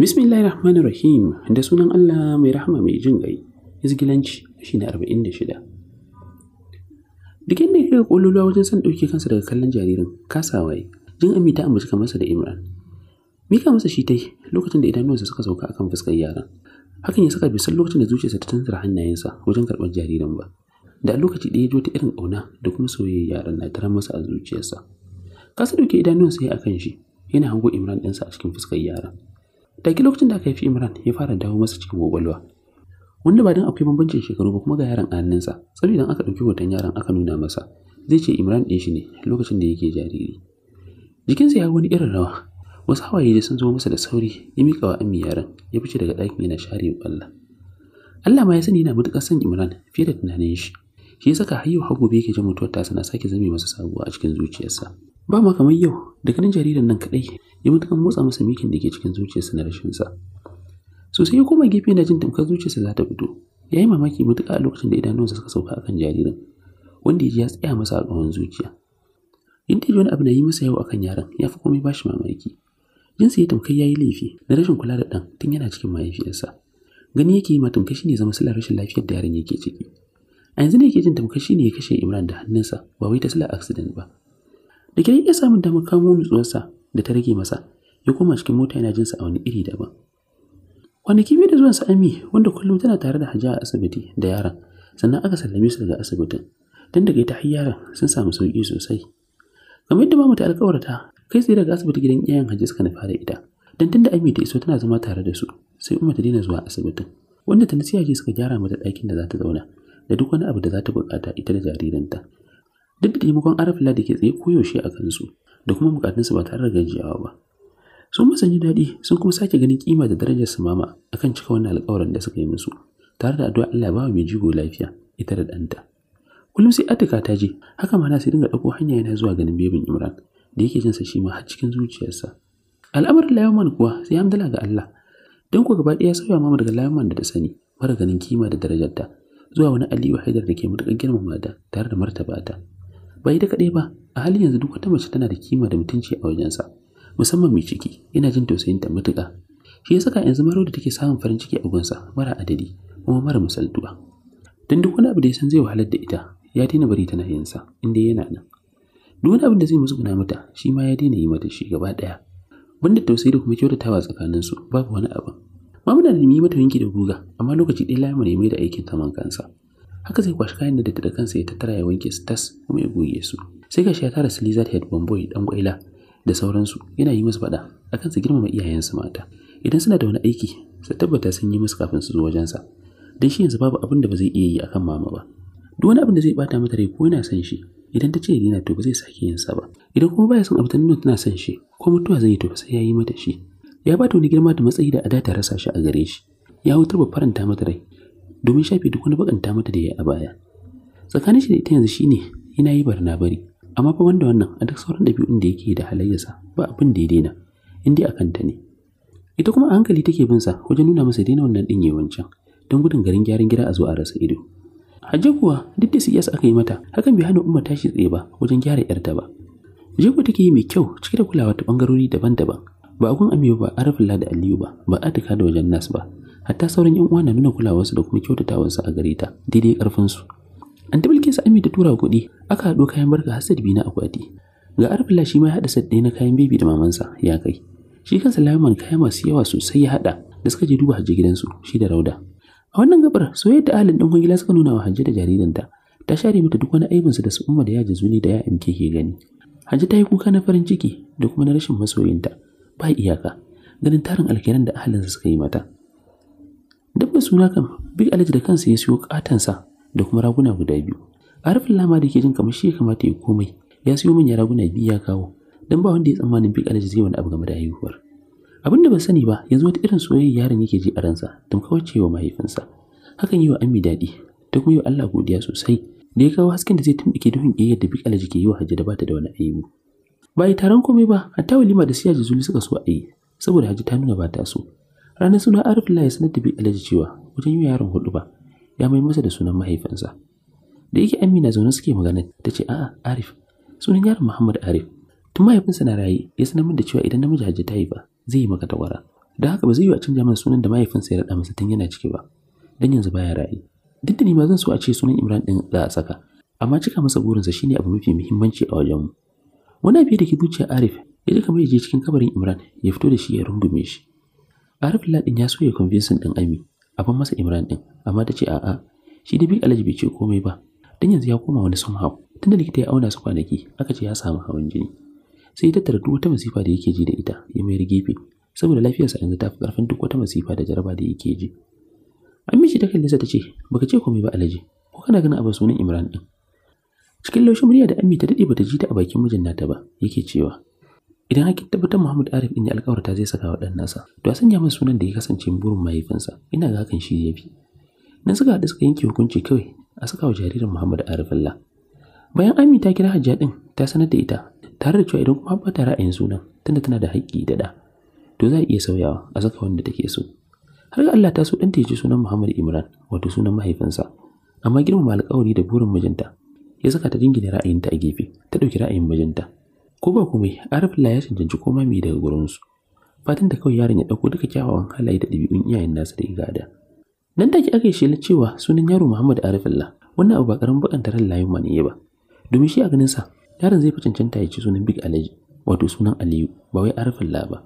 Bismillahirrahmanirrahim Rahim da sunan Allah mai rahama mai jin gai. Izgilanci shi na 46. Duk yadda ya kai kololuwa wajen son ɗauke kansa daga kallon jaririn, kasawa yi, jin ami ta ambaci masa da Imran. Mika masa shi ta lokacin da idanuwansa suka sauka akan fuskar yaran. Hakan ya saka bisan lokacin da zuciyarsa ta tantar hannayensa wajen karɓar jaririn ba. da lokaci ɗaya ji wata irin auna da kuma soyayya yaran na tarar masa a zuciyarsa kasa dauke idanunsa a kan shi yana hango imran ɗinsa a cikin fuskar yaran Da ke lokacin da aka haifi imran ya fara dawo masa cikin gwagwalwa wanda ba don akwai bambancin shekaru ba kuma ga yaran annansa saboda idan aka ɗauki hoton yaran aka nuna masa zai ce imran ɗin shi ne lokacin da yake jariri jikinsa ya wani irin rawa wasu hawaye da sun zo masa da sauri ya miƙa wa ammi yaron ya fice daga ɗakin yana share ƙwallon Allah ma ya sani yana matuƙar son Imran fiye da tunanin shi shi ya saka hayyau har gobe yake jin mutuwar tasa na sake zame masa sabuwa a cikin zuciyarsa ba ma kamar yau da ganin jaridan nan kadai ya mutukan motsa masa mikin da ke cikin zuciyarsa na rashin sa sosai ya koma gefe na jin tamkar zuciyarsa za ta fito ya yi mamaki mutuka a lokacin da idanunsa suka sauka a kan jaririn wanda ya ji ya tsaya masa a ƙahon zuciya in ta wani abu na yi masa yau akan yaron ya fi komai bashi mamaki jinsa ya tamkai ya yi laifi na rashin kula da ɗan tun yana cikin mahaifiyarsa gani yake yi ma shi ne zama silar rashin lafiyar da yaron yake ciki a yanzu ne yake jin tamkar shi ne ya kashe imran da hannunsa ba wai ta sila accident ba da kiran iya samun damar kamo nutsuwarsa da ta rage masa ya koma cikin mota yana jinsa a wani iri daban kwanaki biyu da zuwan Ami, wanda kullum tana tare da hajiya a asibiti da yaran sannan aka sallame su daga asibitin don daga ita har yaran sun samu sauƙi sosai kamar yadda mamu ta alkawarta kai tsaye daga asibiti gidan iyayen hajji suka nufa da ita dan da Ami ta iso tana zama tare da su sai Umma ta daina zuwa asibitin wanda ta nasiya suka gyara mata ɗakin da za ta zauna da duk wani abu da za ta buƙata ita da jaririnta duk da taimakon arafila da ke tsaye koyaushe a kansu da kuma buƙatunsu ba tare da gajiyawa ba sun masa daɗi sun kuma sake ganin kima da darajar su mama akan cika wannan alƙawarin da suka yi musu tare da addu'a Allah ya bawa mai jigo lafiya ita da ɗanta kullum sai atika ta je haka ma na sai dinga ɗauko hanya yana zuwa ganin bebin imran da yake jinsa shi ma har cikin zuciyarsa al'amarin Layman kuwa sai hamdala ga Allah don ku gaba ɗaya sauya mama daga Layman da ta sani mara ganin kima da darajarta zuwa wani Aliyu Haidar da ke matuƙar girmama tare da martaba ta. Ba da kaɗai ba, a halin yanzu duk wata mace tana da kima da mutunci a wajensa, musamman mai ciki, yana jin tausayin ta matuƙa. Shi ya saka yanzu maro da take samun farin ciki a gunsa mara adadi kuma mara misaltuwa. Don duk wani abu da ya san zai wahalar da ita, ya daina bari tana yin sa, inda yana nan. Duk wani abin da zai guna mata, shi ma ya daina yi mata shi gaba ɗaya. Banda tausayi da kuma kyautatawa tsakaninsu, babu wani abu. Mamuna da nemi mata yanki da guga, amma lokaci ɗaya Lamar ya mai da aikin saman kansa. Haka zai kwashi kayan da datti da kansa ya tattara ya wanke su tas kuma ya goge su. Sai gashi ya tara su lizard head bamboy dan gwaila da sauransu yana yi musu faɗa akan su girmama iyayensu mata. Idan suna da wani aiki, su tabbata sun yi musu kafin su zo wajensa. Dan shi yanzu babu abin da ba zai iya yi akan mama ba. Duk wani abin da zai bata mata rai ko yana son shi, idan ta ce yana to ba zai sake yin sa ba. Idan kuma baya son abu ta nuna tana son shi, ko mutuwa zai yi to sai ya yi mata shi. ya ba ta wani girma da matsayi da ada ta rasa shi a gare shi ya hutar ba faranta mata rai domin shafe duk wani bakanta mata da ya a baya tsakanin shi da ita yanzu shine yana yi barna bari amma fa wanda wannan a duk sauran ɗabi'un da yake da halayyarsa ba abin da ya daina in dai kanta kanta ne ita kuma a hankali take bin sa wajen nuna masa daina wannan ɗin yawancin don gudun garin gyaran gida a zo a rasa ido hajji kuwa duk da su siyasa aka yi mata hakan bai hana umma tashi tsaye ba wajen gyara yarta ba jego take yi mai kyau cike da kulawa ta bangarori daban-daban ba a gun amiyo ba arafullah da aliyu ba ba tuka da wajen nas ba hatta sauran yan uwa na nuna kulawarsu da kuma kyautatawarsu a gare ta daidai karfinsu an tabbake su ami ta tura kuɗi aka haɗo kayan barka har sai na akwati ga arafullah shi ma ya haɗa na kayan bebi da mamansa ya kai shi kansa laman kaya masu yawa sosai ya haɗa da suka je duba hajji gidansu shi da rauda a wannan gabar soyayya da ahalin ɗan kwangila suka nuna wa hajji da jaririnta ta share mata duk wani aibinsu da su umma da ya zuni da ya amke ke gani hajji ta yi kuka na farin ciki da kuma na rashin masoyinta ba iyaka ganin tarin alkiran da ahalinsa suka yi mata dabba suna kan big alaji da kansa ya siyo katansa da kuma raguna guda biyu arifin lama da ke jin kamar shi ya kamata ya komai ya siyo ya raguna biyu ya kawo don ba wanda ya tsammanin big alaji zai wani abu game da haihuwar abin da ban sani ba yanzu wata irin soyayya yaron yake ji a ransa ce wa mahaifinsa hakan yi wa ammi daɗi ta kuma yi wa allah godiya sosai da ya kawo hasken da zai tumɓuke duhun ƙiyayyar da big alaji ke yi wa hajji da bata da wani aibu ba yi taron komai ba a hatta walima da siya zuli suka so a yi saboda haji ta nuna ba ta so ranar suna arifullahi sanar da bi alaji cewa wajen yi yaron hudu ba ya mai masa da sunan mahaifinsa da yake amina zaune suke magana ta ce a'a arif sunan yaron muhammad arif tun mahaifinsa na raye ya sanar min da cewa idan namiji haji ta yi ba zai yi maka tawara da haka ba zai yi a canja masa sunan da mahaifinsa ya raɗa masa tun yana ciki ba dan yanzu baya raye duk da ni ma zan so a ce sunan imran din za a saka amma cika masa burinsa shine abu mafi muhimmanci a wajenmu wani abu da ke zuciyar arif ya ji kamar ya je cikin kabarin imran ya fito da shi ya rungume shi arif ladin ya so ya convincing din ami abin masa imran din amma ta ce a'a shi da bi alaji bai ce komai ba dan yanzu ya koma wani sun somehow tunda likita ya auna su kwanaki aka ce ya samu hawan jini sai ya tattara duk wata masifa da yake ji da ita ya mayar gefe saboda lafiyarsa yanzu ta fi karfin duk wata masifa da jaraba da yake ji Aminci ta kalle ta ce baka ce komai ba alaji ko kana ganin abin sunan Imran din cikin laushin murya da ammi ta dade bata ji ta a bakin mijin nata ba yake cewa idan hakin tabbatar Muhammad Arif din ya ta zai saka wa nasa to a sanya masa sunan da ya kasance burin mahaifinsa ina ga hakan shi ya fi. nan suka haɗu suka yanke hukunci kawai a saka wa jaririn Muhammad Arif Allah bayan Ami ta kira Hajja ɗin ta sanar da ita tare da cewa idan kuma ba ta ra'ayin sunan tunda tana da haƙƙi da da to za a iya sauyawa a saka wanda take so har ga Allah ta so ɗanta ya ji sunan Muhammad Imran wato sunan mahaifinsa amma girmama alkawari da burin mijinta ya saka ta jingine ra'ayinta a gefe ta ɗauki ra'ayin mijinta ko ba kuma, Arfila ya cancanci koma mai daga gurinsu fatan da kawai yaron ya dauko duka kyawawan halaye da ɗabi'un iyayen nasa da ya gada nan take aka yi shelar cewa sunan yaro muhammad arafla wannan abu ba karamin bukan ran layin ne ba domin shi a ganin sa yaron zai fi cancanta ya ci sunan big alaji wato sunan aliyu ba wai arafla ba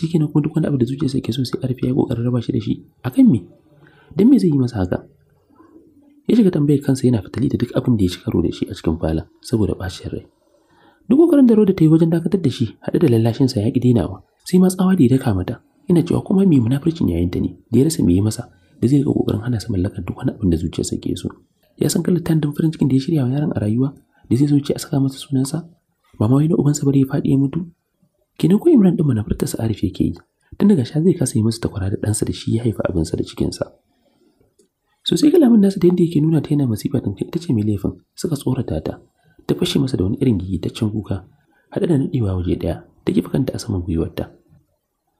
kenan kuma duk wani abu da zuciya sai ke so sai arfi ya kokarin raba shi da shi akan me dan me zai yi masa haka ya shiga tambayar kansa yana fitali da duk abin da ya ci karo da shi a cikin falon saboda bashin rai duk kokarin da Roda ta yi wajen dakatar da shi haɗe da lallashinsa ya ki dinawa sai ma tsawa da ya daka mata ina cewa kuma mai munafircin yayin ta ne da ya rasa me yi masa da zai ga kokarin hana sa mallakar duk wani abin da zuciyarsa ke so ya san kallon tandin farin cikin da ya shirya wa yaron a rayuwa da zai zuciya a saka masa sunansa ba na wani ubansa bari ya faɗi ya mutu kenan ko Imran din munafirta sa arife ke yi tun daga sha zai kasa yi masa takwara da ɗansa da shi ya haifa abinsa da cikinsa so sai kalamin nasa da yadda yake nuna ta yana masifa tamkar ita ce mai laifin suka tsorata ta ta fashe masa da wani irin gigitaccen kuka haɗe da naɗewa waje ɗaya ta kifa kanta a saman gwiwarta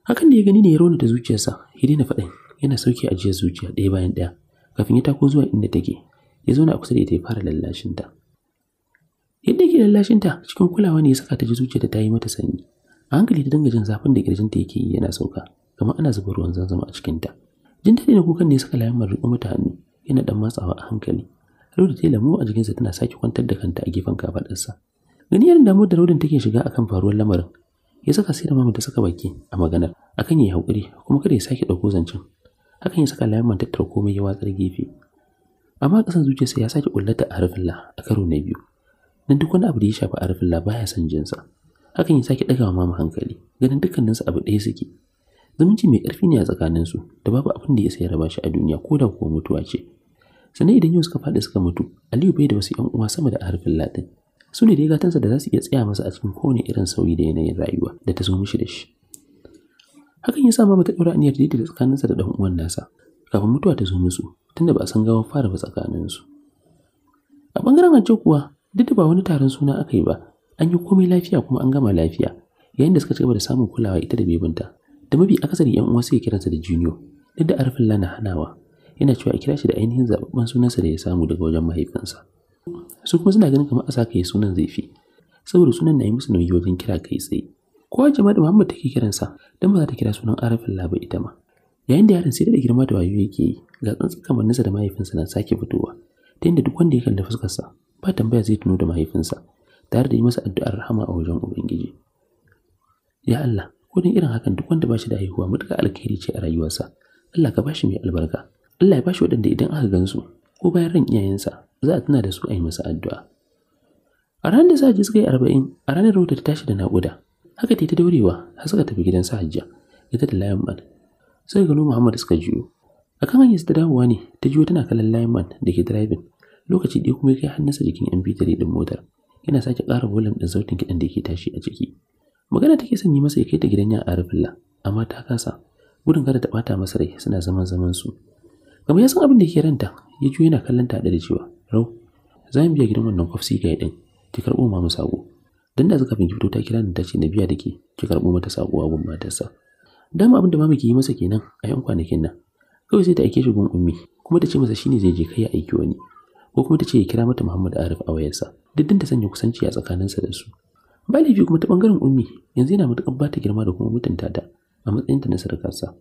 hakan da ya gani ne ya raunata zuciyarsa ya daina faɗin yana sauke ajiyar zuciya ɗaya bayan ɗaya kafin ya tako zuwa inda take ya zauna a kusa da ita ya fara lallashinta yadda yake lallashinta cikin kulawa ne ya saka ta ji zuciyarta ta yi mata sanyi a hankali ta dinga jin zafin da kirjinta yake yi yana sauka kamar ana zuba ruwan zanzama a cikinta. ta jin daɗi da kukan ne suka layan riƙo mata hannu yana ɗan matsawa a hankali rauda ta yi lamu a jikinsa tana sake kwantar da kanta a gefen kafaɗarsa gani yana damuwar da raudin take shiga akan faruwar lamarin ya saka sai da mamu ta saka baki a maganar akan ya yi haƙuri kuma kada ya sake ɗauko zancen hakan ya saka layan tattara komai ya watsar gefe amma ƙasan zuciyarsa ya sake ƙullata a harfin a karo na biyu nan duk wani abu da ya shafi arafin la baya son jinsa hakan ya sake ɗaga wa mamu hankali ganin dukkaninsu abu ɗaya suke zumunci mai ƙarfi ne a su da babu abin da ya sayar ba shi a duniya ko da kuwa mutuwa ce sannan idan yau suka faɗi suka mutu aliyu bai da wasu yan uwa sama da harfin latin su ne da gatan gatansa da za su iya tsaya masa a cikin kowane irin sauyi da yanayin rayuwa da ta zo mishi da shi hakan ya sa mama ta ɗora aniyar da tsakaninsa da ɗan uwan nasa kafin mutuwa ta zo musu tunda ba a san gawar fara ba tsakaninsu a ɓangaren hajjo kuwa duk da ba wani taron suna aka yi ba an yi komai lafiya kuma an gama lafiya yayin da suka ci gaba da samun kulawa ita da bebinta da mafi akasari yan uwa suke kiransa da junior duk da arfin lana hanawa yana cewa a kira shi da ainihin zababban sunansa da ya samu daga wajen mahaifinsa su kuma suna ganin kamar a sa kai sunan zaifi saboda sunan na yi musu nauyi wajen kira kai tsaye kowa jama'a da Muhammad take kiransa don ba za ta kira sunan arafin laba ita ma yayin da yaron sai da girma da wayo yake yi ga tsantsan kamanninsa da mahaifinsa na sake fitowa ta yadda duk wanda ya kalli fuskarsa ba tambaya zai tuno da mahaifinsa tare da yi masa addu'ar rahama a wajen ubangiji ya Allah ko don irin hakan duk wanda ba shi da haihuwa mutuka alkhairi ce a rayuwarsa Allah ka bashi mai albarka Allah ya bashi waɗanda idan aka gansu ko bayan ran iyayensa za a tuna da su a yi masa addu'a a ranar da sa'a suka yi arba'in a ranar Rauda ta tashi da naƙuda haka ta yi ta daurewa har suka tafi gidan Sahajiya ita da Lion Man sai gano Muhammad suka juyo kan hanyar ta dawowa ne ta juyo tana kallon Lion Man da ke driving lokaci ɗaya kuma ya kai hannunsa jikin MP3 ɗin motar yana sake ƙara volume ɗin sautin kiɗan da ke tashi a ciki magana take son yi masa ya kai ta gidan yan arifilla amma ta kasa gudun kada ta bata masa rai suna zaman zaman su kamar ya san abin da ke ranta ya juyo yana kallon ta da cewa rau za mu biya gidan wannan kofsi ga din ki karbo ma mu sako dan da zaka fito ta kira ni ta ce na biya da ke ki karbo mata sako a gun matarsa dama abin da mama ke yi masa kenan a yan kwanakin nan kawai sai ta aike shi gun ummi kuma ta ce masa shine zai je kai ya aiki wani ko kuma ta ce ya kira mata Muhammad Arif a wayarsa duk din ta sanya kusanci a tsakaninsa da su ba laifi kuma ta bangaren ummi yanzu yana matuƙar ba ta girma da kuma mutunta ta a matsayinta na sarkarsa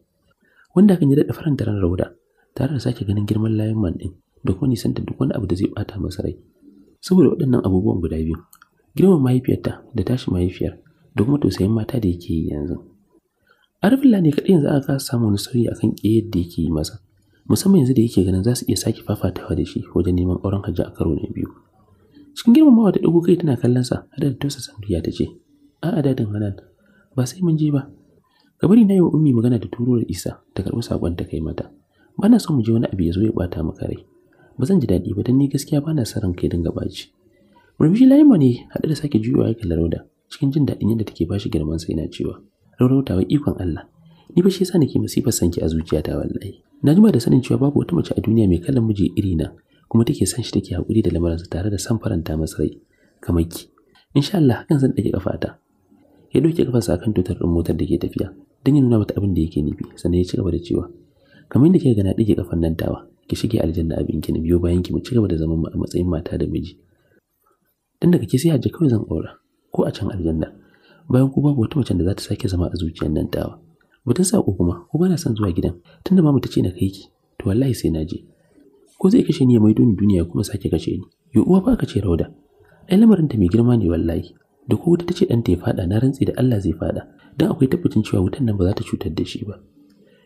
wanda kan ya daɗa faranta ran rauda tare da sake ganin girman layan man ɗin da kuma nisan nisanta duk wani abu da zai bata masa rai saboda waɗannan abubuwan guda biyu girman mahaifiyarta da tashi mahaifiyar da kuma tausayin mata da yake yi yanzu arifilla ne kaɗai yanzu aka samu wani sauyi akan ƙeyar da yake yi masa musamman yanzu da yake ganin za su iya sake fafatawa da shi wajen neman auren hajji a karo na biyu cikin girmamawa da ɗago kai tana sa, hada da tausa samriya ta ce a'a dadin hanan ba sai mun je ba ka bari na yi wa ummi magana da turo da isa ta karɓi sakon ta kai mata ba na son mu je wani abu ya zo ya ɓata maka rai ba zan ji daɗi ba don ni gaskiya ba na son ranka ya dinga ɓaci murmushi layima ne haɗe da sake juyowa ya kalli rauda cikin jin daɗin yadda take bashi girman sa yana cewa raurauta wa ikon Allah ni ba shi yasa nake masifar sanki a zuciyata wallahi na ji ba da sanin cewa babu wata mace a duniya mai kallon miji iri kuma take son shi take haƙuri da lamarinsa tare da san faranta masa rai kamar ki insha Allah hakan zan ɗage kafata ya doke kafarsa akan tutar ɗin motar da ke tafiya don ya nuna mata abin da yake nufi sannan ya ci gaba da cewa kamar yadda kika gana ɗage kafan nan tawa ki shige aljanna abin ki na biyo bayan ki mu ci gaba da zaman mu a matsayin mata da miji dan daga ke sai hajji kawai zan aura ko a can aljanna bayan ku babu wata macen da za ta sake zama a zuciyar nan tawa batun sako kuma ko bana son zuwa gidan tunda mamu ta ce na kai ki to wallahi sai na je ko zai kashe ni ya maido ni duniya kuma sake kashe ni yo uwa ba ka ce rauda ai lamarin ta mai girma ne wallahi da ko wuta tace ta ya fada na rantsi da Allah zai fada dan akwai tabbacin cewa wutan nan ba za ta cutar da shi ba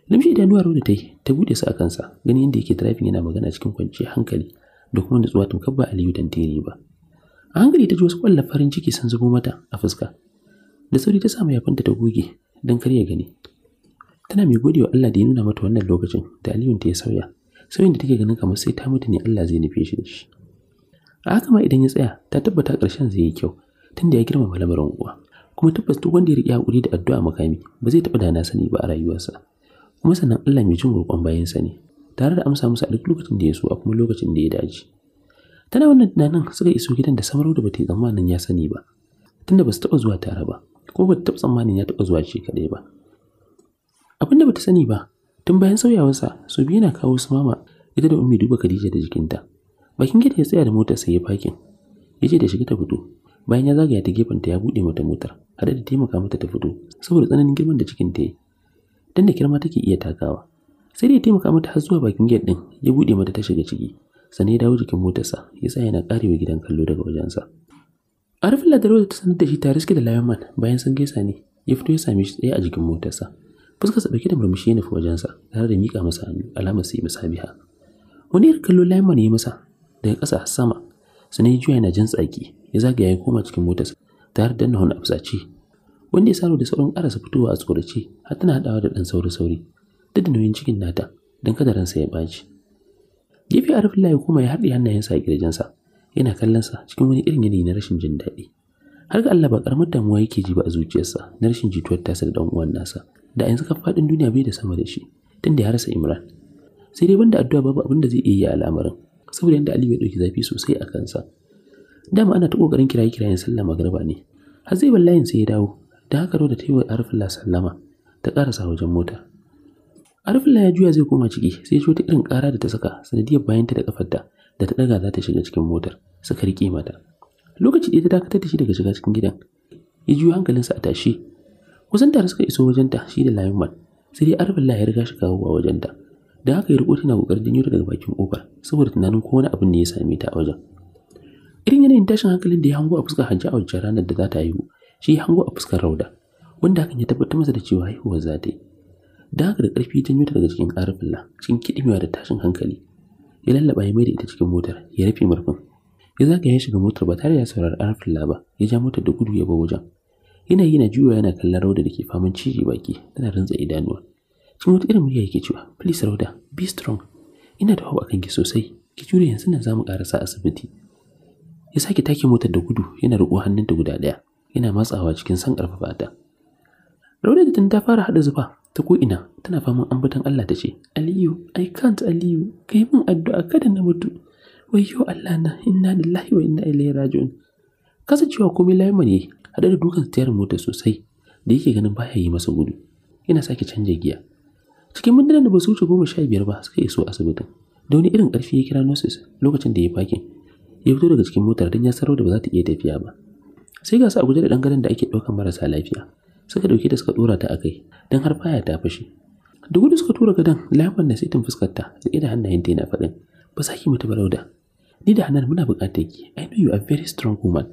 limshi nuwar rauda ta ta bude su a kansa gani yadda yake driving yana magana cikin kwanciyar hankali da kuma nutsuwa tamkar ba Aliyu tantere ba a hankali ta ji wasu kwallon farin ciki sun zubo mata a fuska da sauri ta samu yafinta ta goge dan kar gani tana mai gode wa Allah da ya nuna mata wannan lokacin da aliyun ta ya sauya sauyin da take ganin kamar sai ta mutu ne Allah zai nufe shi da shi a haka ma idan ya tsaya ta tabbata ƙarshen zai yi kyau tunda ya girmama lamarin uwa kuma tabbas duk wanda ya riƙe hakuri da addu'a makami ba zai taɓa dana sani ba a rayuwarsa kuma sannan Allah mai jin roƙon bayansa ne tare da amsa musu a duk lokacin da ya so a kuma lokacin da ya dace tana wannan tunanin suka iso gidan da samarau da bata yi tsammanin ya sani ba tunda ba su taɓa zuwa tare ba ko ba ta taɓa tsammanin ya taɓa zuwa shi kaɗai ba abin da bata sani ba tun bayan sauyawarsa su biyu na kawo su mama ita da ummi duba Khadija da jikinta bakin gida ya tsaya da motar sai ya fakin ya ce da shiga ta fito bayan ya zagaya ta gefenta ya buɗe mata motar hada da taimaka mata ta fito saboda tsananin girman da cikin ta yi dan da kirma take iya takawa sai da ya taimaka mata har zuwa bakin gida din ya buɗe mata ta shiga ciki sannan ya dawo jikin motarsa ya sa yana karewa gidan kallo daga wajensa arifin ladarau da ta sanar da shi ta riske da man, bayan sun gaisa ne ya fito ya same shi tsaye a jikin motarsa fuskarsa dauke da murmushi ya nufi wajensa tare da mika masa hannu alamar sai masa biha wani irin kallo lemon ya masa daga ƙasa sama sanai juya yana jin tsaki ya zagaya ya koma cikin motar sa tare da nuna afsace wanda ya saro da sauran karasa fitowa a tsorace har tana haɗawa da dan sauri sauri duk da nauyin cikin nata don kada ransa ya baci gefe a layi kuma ya haɗe hannayensa a ƙirjinsa yana kallonsa cikin wani irin yanayi na rashin jin daɗi har ga Allah ba karamar damuwa yake ji ba a zuciyarsa na rashin jituwar tasa da dan uwan nasa da yanzu ka fadin duniya bai da sama da shi tun da ya rasa Imran sai dai banda addu'a babu abin da zai iya yi a al'amarin saboda yanda ali ya dauki zafi sosai a kansa dama ana ta kokarin kirayi kirayen sallah magriba ne har zai wallahi sai ya dawo da haka da ta yi wa sallama ta karasa wajen mota Arfullah ya juya zai koma ciki sai ya irin kara da ta saka sanadiyar bayanta da kafarta da ta daga za ta shiga cikin motar suka rike mata lokaci ɗaya ta dakatar da shi daga shiga cikin gidan ya juyo hankalinsa a tashi kusan tare suka iso wajenta shi da layuman sai dai arfin ya riga shi kawo a wajenta don haka ya riko tana kokarin janyo ta daga bakin kofar saboda tunanin ko wani abin ne ya same ta a wajen irin yanayin tashin hankalin da ya hango a fuskar hajji a wajen ranar da za ta haihu shi ya hango a fuskar rauda wanda hakan ya tabbatar masa da cewa haihuwar za ta yi don haka da ƙarfi ya janyo ta daga cikin ƙarfin cikin kiɗimewa da tashin hankali ya lallaba ya mai da ita cikin motar ya rufe murfin ya yi shiga motar ba tare da saurari arafin laba ya ja motar da gudu ya ba wajen yana yi na juya yana kallon rauda da ke faman ciki baki tana rantsa idanuwa cikin wata irin murya yake cewa please rauda be strong ina da hau akan ki sosai ki jure yanzu nan zamu karasa asibiti ya sake take motar da gudu yana riƙo hannunta guda ɗaya yana matsawa cikin san ƙarfafa ta rauda da ta fara haɗa zufa ta ko'ina tana faman ambaton Allah ta ce, Aliyu, I can't Aliyu, kai yi min addu'a kada na mutu. yau Allah na inna lillahi wa inna ilaihi raji'un cewa komai laima ne hada da dukan tayar mota sosai da yake ganin baya yi masa gudu yana sake canja giya cikin mintunan da ba su wuce goma sha biyar ba suka iso asibitin da wani irin karfi ya kira nurses lokacin da ya fakin ya fito daga cikin motar don ya sarau da ba za ta iya tafiya ba sai ga su a guje da dangaren da ake ɗaukar marasa lafiya suka ɗauki da suka ɗora ta a kai don har faya ta fashe da gudu suka tura gadon lafiyar da sai tun fuskarta da hannayen ta yana faɗin ba za ki ba rauda ni da hannun muna buƙatar ki I know you are very strong woman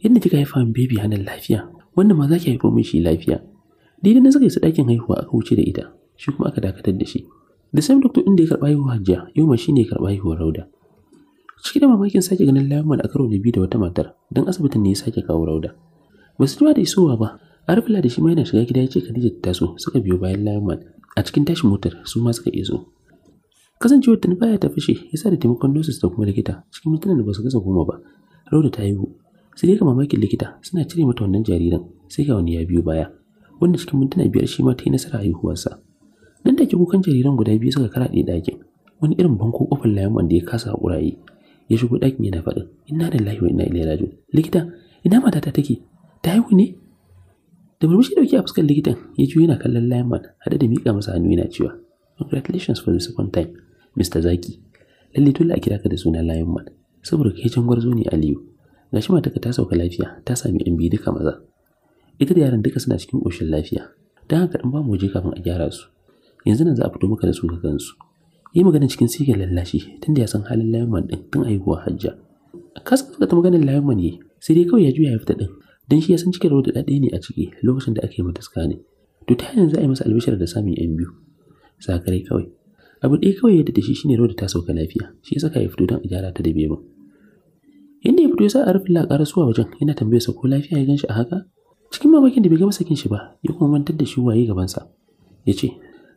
yadda kika haifa min baby hannun lafiya wanda ma za ki haifo min shi lafiya daidai na suka isa ɗakin haihuwa aka wuce da ita shi kuma aka dakatar da shi da same doctor inda da ya karɓa haihuwa hajiya yau ma ne ya karɓa haihuwar rauda ciki da mamakin sake ganin layuman a karo na biyu da wata matar don asibitin ne ya sake kawo rauda ba su da isowa ba arfila da shi ma yana shiga gida ya ce khadija ta taso suka biyo bayan layuman a cikin tashin motar su ma suka iso kasancewar ta baya ta fashe ya sa da taimakon nurses da kuma likita cikin mintuna da ba su gaza goma ba rauda ta haihu sai dai ga mamakin likita suna cire mata wannan jaririn sai ga wani ya biyo baya wanda cikin mintuna biyar shi ma ta yi nasara haihuwarsa nan da ke kukan jariran guda biyu suka karaɗe ɗakin wani irin banko kofar layan wanda ya kasa haƙuraye ya shigo ɗakin yana faɗin ina da wa ina ilaihi raji'un likita ina matata take ta haihu ne da murmushi dauke a fuskar likitan ya juyo yana kallon man hada da miƙa masa hannu yana cewa congratulations for the second time Mr. Zaki, lalle dole a kira ka da suna Lion Man, saboda kai can gwarzo ne Aliyu. Gashi mataka ta sauka lafiya, ta sami yan biyu duka maza. Ita da yaran duka suna cikin ƙoshin lafiya, don haka ɗan ba mu waje kafin a gyara su. Yanzu nan za a fito maka da su ka gansu. Yi magana cikin sigar lallashi tun da ya san halin Lion Man ɗin tun aihuwa hajja. Kasa ta maganar Lion Man ne, sai dai kawai ya juya ya fita ɗin, don shi ya san cikin da ɗaya ne a ciki lokacin da aka yi mata ne. To ta yanzu a yi masa albishar da samun yan biyu. Sakarai kawai. abu ɗaya kawai yadda da shi shine roda ta sauka lafiya shi ya saka ya fito don a gyara ta da bebin inda ya fito ya sa a rufe laƙara suwa wajen yana tambayar sa ko lafiya ya ganshi a haka cikin mamakin da bai gama sakin shi ba ya kuma mantar da shi waye gabansa ya ce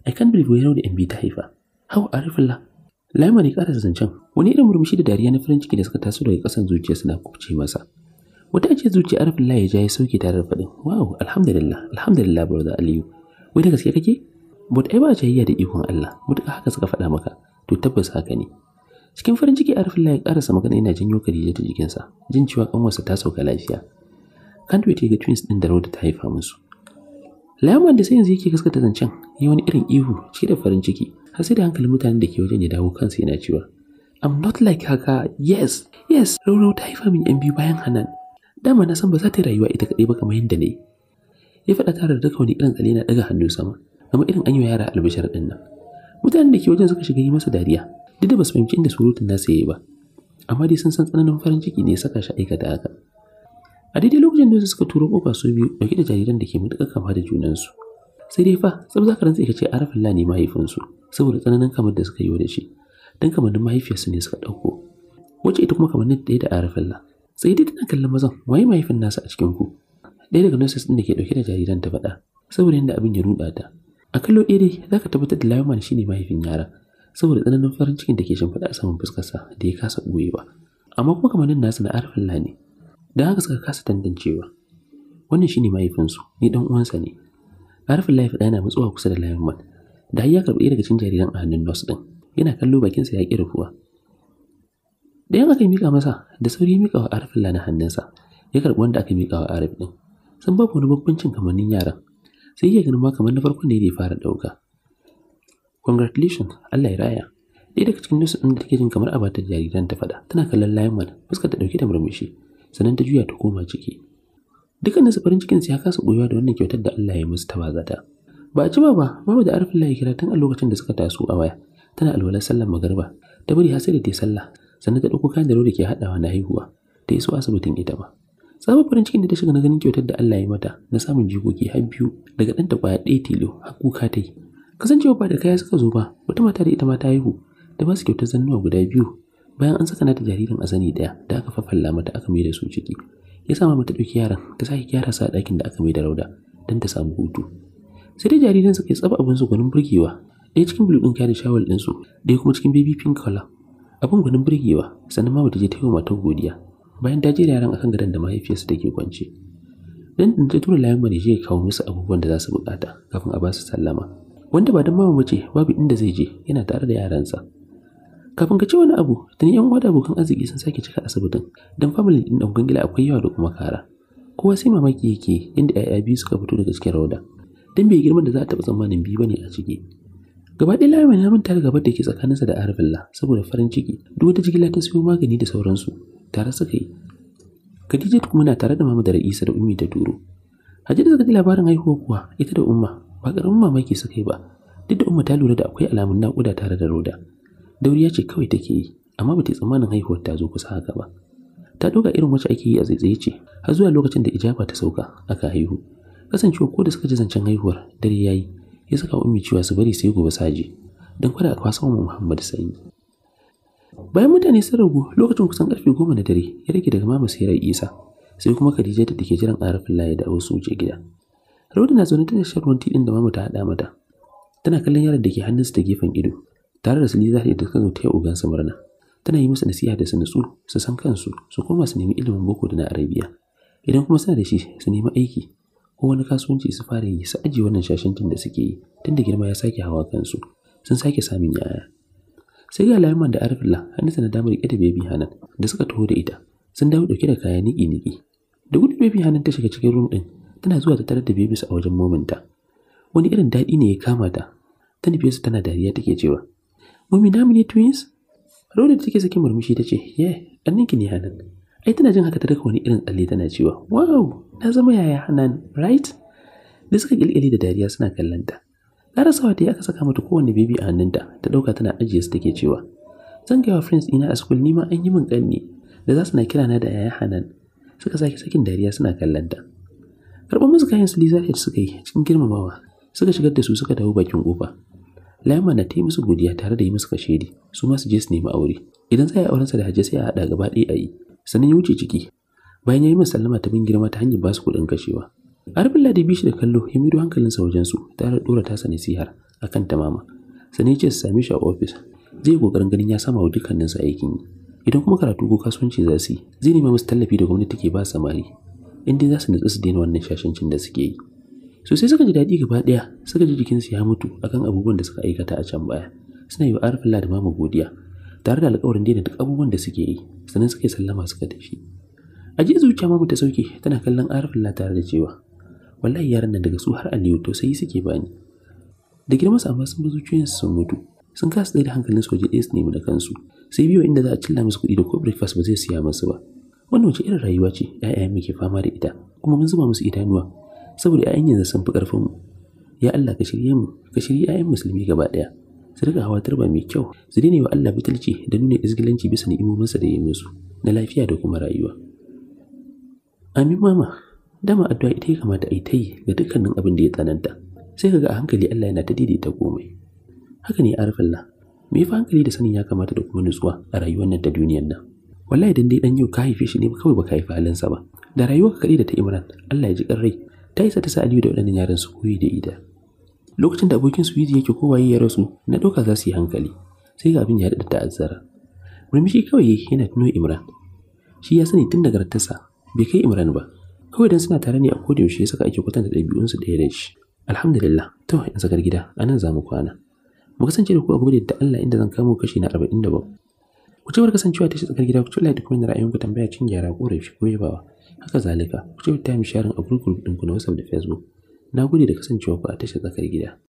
i can't believe where the mb ta haifa rufe la Laima ne ƙara zancen wani irin murmushi da dariya na farin ciki da suka taso daga kasan zuciya suna kubce masa. Wata ce zuciya Arif la ya ja ya sauke tare da faɗin, "Wow, alhamdulillah, alhamdulillah brother Aliyu. Wai da gaske kake? mutu ai ba jayayya da ikon Allah mutuka haka suka faɗa maka to tabbas haka ne cikin farin ciki Arifullah ya karasa magana yana janyo kadija ta jikinsa jin cewa kanwarsa ta sauka lafiya Kandwe ta ga twins din da Rauda ta haifa musu Laman da sai yanzu yake gaskata zancen yi wani irin ihu cike da farin ciki har sai da hankalin mutanen da ke wajen ya dawo kansa yana cewa I'm not like haka. Yes, yes, Roro ta haifa min yan biyu bayan Hanan. Dama na san ba za ta rayuwa ita kaɗai ba kamar yadda ne. Ya faɗa tare da duka wani irin tsale na ɗaga hannu sama. kamar irin an yi yara albishar ɗin nan mutanen da ke wajen suka shiga yi masa dariya duk da ba su fahimci inda surutun nasa yayi ba amma dai sun san tsananin farin ciki ne ya saka shi aikata haka a daidai lokacin da suka turo kofa su biyu dauke da jariran da ke matuƙar kama da junansu sai dai fa tsab za ka rantsa ka ce arafullah ne mahaifinsu saboda tsananin kamar da suka yi da shi don kamannin mahaifiyarsu ne suka ɗauko wacce ita kuma kamannin ɗaya da arafullah sai dai tana kallon mazan waye mahaifin nasa a cikin ku ɗaya daga nurses ɗin da ke ɗauke da jariran ta faɗa saboda yadda abin ya ruɗa ta a kallo ɗaya dai za ka tabbatar da shi shine mahaifin yaran saboda tsananin farin cikin da ke shimfiɗa a saman fuskarsa da ya kasa ba. amma kuma kamanin nasu na arfin ne da haka suka kasa tantancewa wannan shine mahaifinsu ni dan uwansa ne arfin lai faɗa yana matsuwa kusa da lawman da har ya karɓi daga cikin jariran a hannun nurse ɗin yana kallo bakin sa ya ƙi rufuwa yawa aka mika masa da sauri ya mika wa arfin na hannunsa ya karɓi wanda aka mika wa arif ɗin sun babu wani babbancin kamannin yaran sai iya ganin kamar na farko ne da ya fara ɗauka. Congratulations, Allah ya raya. Ɗaya daga cikin nurse ɗin da take jin kamar a bata jariran ta faɗa, tana kallon mana, fuskar ta ɗauke da murmushi, sannan ta juya ta koma ciki. dukkan su farin cikin ya kasa ɓoyewa da wannan kyautar da Allah ya musu ta bazata. Ba a ci ba, mama da arfin layi kira tun a lokacin da suka taso a waya, tana alwalar sallar magarba, ta bari hasali da ta sallah, sannan ta ɗauko kayan da ke haɗawa na haihuwa, ta iso asibitin ita ba. sabon farin cikin da ta shiga na ganin kyautar da Allah ya mata na samun jikoki har biyu daga ɗanta kwaya ɗaya tilo har kuka ta yi. Kasancewa ba da kaya suka zo ba wata mata da ita ma ta haihu da ba su kyautar zannuwa guda biyu bayan an saka nata jaririn a sani ɗaya da aka fafalla mata aka mai da su ciki. Ya sa mata ɗauki yaran ta sake gyara sa ɗakin da aka mai da rauda don ta samu hutu. Sai dai jaririn suka yi tsaba abinsu gwanin burgewa ɗaya cikin bulu ɗin da shawal ɗinsu ɗaya kuma cikin baby pink color abin gwanin burgewa sannan mama ta je ta yi wa matar godiya bayan ta je da yaran akan gadon da mahaifiyarsa take kwance dan da ta tura layan manaje ya kawo musu abubuwan da za su bukata kafin a ba su sallama wanda ba dan mama ce babu inda zai je yana tare da yaransa kafin ka ci wani abu tuni yan uwa da abokan arziki sun sake cika asibitin dan family din dan gangila akwai yawa da kuma kara kowa sai mamaki yake inda yaya biyu suka fito daga cikin rauda dan bai girman da za a taɓa tsammanin biyu bane a ciki gaba ɗaya layin ya manta da gaba da ke tsakaninsa da arabilla saboda farin ciki duk wata jigila ta siyo magani da sauransu tare suka yi Khadija kuma na tare da mama da Ra'isa da Ummi da Duro da suka ji labarin haihuwa kuwa ita da Umma ba karamin mamaki suka yi ba duk da Umma ta lura da akwai alamun naƙuda tare da Roda Dauri Dauriya ce kawai take yi amma ba ta tsammanin haihuwar ta zo kusa haka ba ta doga irin wacce ake yi a zaizaye ce har zuwa lokacin da ijaba ta sauka aka haihu kasancewa ko da suka ji zancen haihuwar dare yayi ya saka ummi cewa su bari sai gobe saje don kada a kwasa wa Muhammadu sanyi bayan mutane sun ragu lokacin kusan karfe goma na dare ya rage daga mama sai rai isa sai kuma khadija da take jiran arafin laye da wasu wuce gida rauda na zaune tana shan ruwan tiɗin da mama ta haɗa mata tana kallon yaron da ke hannunsa ta gefen ido tare da sali za ta yi dukkan zo ta yi ogansa murna tana yi musu nasiha da su nutsu su san kansu su koma su nemi ilimin boko da na arabiya idan kuma suna da shi su nemi aiki ko wani kasuwanci su fara yi su ajiye wannan shashantin da suke yi tun da girma ya sake hawa kansu sun sake samun yaya sai ga Layman da arfilla hannu na damar riƙe da baby Hanan da suka taho da ita sun dawo ɗauke da kaya niki-niki. Da gudu baby Hanan ta shiga cikin room ɗin tana zuwa ta tarar da babies a wajen mominta. Wani irin daɗi ne ya kama ta. Ta nufe su tana dariya take cewa, Mummy namu ne twins? Roda da take sakin murmushi ta ce, Ye, niki ne Hanan. Ai tana jin haka ta daka wani irin tsalle tana cewa, Wow, na zama yaya Hanan, right? Da suka ƙilƙili da dariya suna kallon ta. sawa ta yi aka saka mata kowane bebi a hannunta ta ɗauka tana ajiye su take cewa. Zan gaya wa friends ɗina a school nima an yi min ƙanni da za su na kira na da yaya Hanan. Suka sake sakin dariya suna kallon ta. Karɓar musu kayan su Lisa suka yi cikin girmamawa suka shigar da su suka dawo bakin kofa. Laima na ta yi musu godiya tare da yi musu kashedi su ma su je su nemi aure. Idan za a yi aurensa da Hajiya sai a haɗa gaba ɗaya a yi sannan ya wuce ciki bayan ya yi min sallama ta bin girma ta hanyar ba su kuɗin kashewa Arbilla da bishi da kallo ya mido hankalinsa wajen su tare da ta Sani nasihar akan kan tamama. Sani ce su same shi a ofis. Zai yi ƙoƙarin ganin ya sama wa sa aikin yi. Idan kuma karatu ko kasuwanci za su yi, zai nema musu tallafi da gwamnati ke ba samari. In dai za su nutsu su daina wannan shashancin da suke yi. So sai suka ji daɗi gaba ɗaya, suka ji jikinsu ya mutu akan abubuwan da suka aikata a can baya. Suna yi wa Arabin da mama godiya, tare da alƙawarin daina duk abubuwan da suke yi, sannan suka yi sallama suka tafi. A jiya zuciya mamu ta sauke tana kallon Arabin tare da cewa wallahi yaran nan daga su har aliyu to sai suke bani da girma su amma sun bi su sun mutu sun kasa tsaye da hankalin su waje ɗaya su nemi da kansu sai biyo inda za a cilla musu kuɗi da ko breakfast ba zai siya musu ba wannan wace irin rayuwa ce ƴaƴayen muke fama da ita kuma mun zuba musu idanuwa saboda ƴaƴan yanzu sun fi ƙarfin mu ya Allah ka shirye mu ka shirye ƴaƴan musulmi gaba ɗaya su riƙa hawa tarba mai kyau su daina wa Allah butulci da nuna izgilanci bisa ni'imominsa da ya musu na lafiya da kuma rayuwa amin mama dama addu'a ita ya kamata ai yi ga dukkanin abin da ya tsananta sai kaga a hankali Allah yana ta daidaita komai haka ne arfalla me fa hankali da sanin ya kamata da kuma nutsuwa a rayuwar nan ta duniyar nan wallahi dan dai dan yau ka haife shi ne kawai baka haifi halinsa ba da rayuwar ka kadai da ta Imran Allah ya ji rai ta isa ta sa Aliyu da waɗannan yaran su koyi da ida lokacin da abokin su yiji yake kowa ya rasu na ɗauka za su yi hankali sai ga abin ya daɗa ta'azzara murmushi kawai yana tuno Imran shi ya sani tun daga bai kai Imran ba kawai idan suna tare ne a koda yaushe saka ake kwatanta ɗabi'unsu ɗaya da shi alhamdulillah to in sakar gida anan za mu kwana mu kasance da ku a gobe da Allah inda zan kamo kashi na 47 ku ci kasancewa ta tsakar gida ku tula da kuma ra'ayin ku tambaya cin gyara ko rafi ko yabawa haka zalika ku ci mi sharing a group ku ku na WhatsApp da Facebook na gode da kasancewa ku a tashar tsakar gida